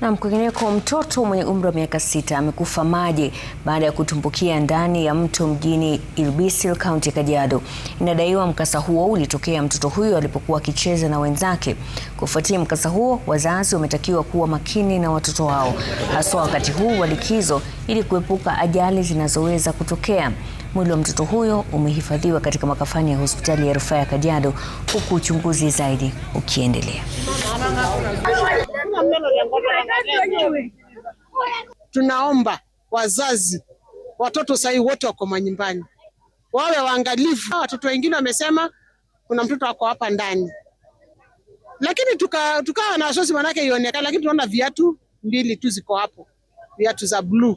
Na mkwengeneko, mtoto mwenye umri wa miaka sita amekufa maji baada ya kutumbukia ndani ya mto mjini Ilbisil, kaunti Kajiado. Inadaiwa mkasa huo ulitokea mtoto huyo alipokuwa akicheza na wenzake. Kufuatia mkasa huo, wazazi wametakiwa kuwa makini na watoto wao, haswa wakati huu wa likizo, ili kuepuka ajali zinazoweza kutokea. Mwili wa mtoto huyo umehifadhiwa katika makafani ya hospitali ya rufaa ya Kajiado, huku uchunguzi zaidi ukiendelea. Tunaomba wazazi, watoto sahii wote wako manyumbani, wawe waangalifu. Watoto wengine wamesema kuna mtoto ako hapa ndani, lakini tukawa tuka na wasiwasi, manake ionekana, lakini tunaona viatu mbili tu ziko hapo, viatu za bluu,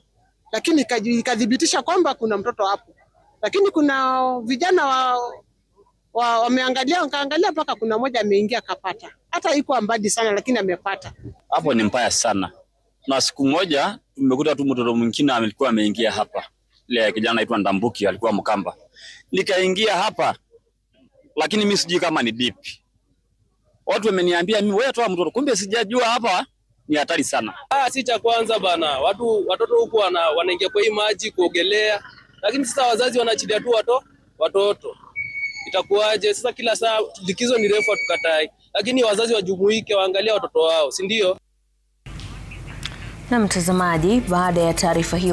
lakini ikadhibitisha kwamba kuna mtoto hapo, lakini kuna vijana wa, wa, wameangalia wakaangalia mpaka kuna moja ameingia akapata hata iko ambadi sana, lakini amepata. Hapo ni mbaya sana, na siku moja tumekuta tu mtoto mwingine alikuwa ameingia hapa, ile kijana aitwa Ndambuki, alikuwa Mkamba, nikaingia hapa, lakini mimi sijui kama ni dipi. Watu wameniambia mimi, wewe toa mtoto, kumbe sijajua hapa ni hatari sana. Ah, si cha kwanza bana, watu watoto huko wana wanaingia kwa hii maji kuogelea, lakini sasa wazazi wanachidia tu watoto itakuwaje? Sasa kila saa likizo ni refu, hatukatai, lakini wazazi wajumuike, waangalia watoto wao, si ndio? Na mtazamaji, baada ya taarifa hiyo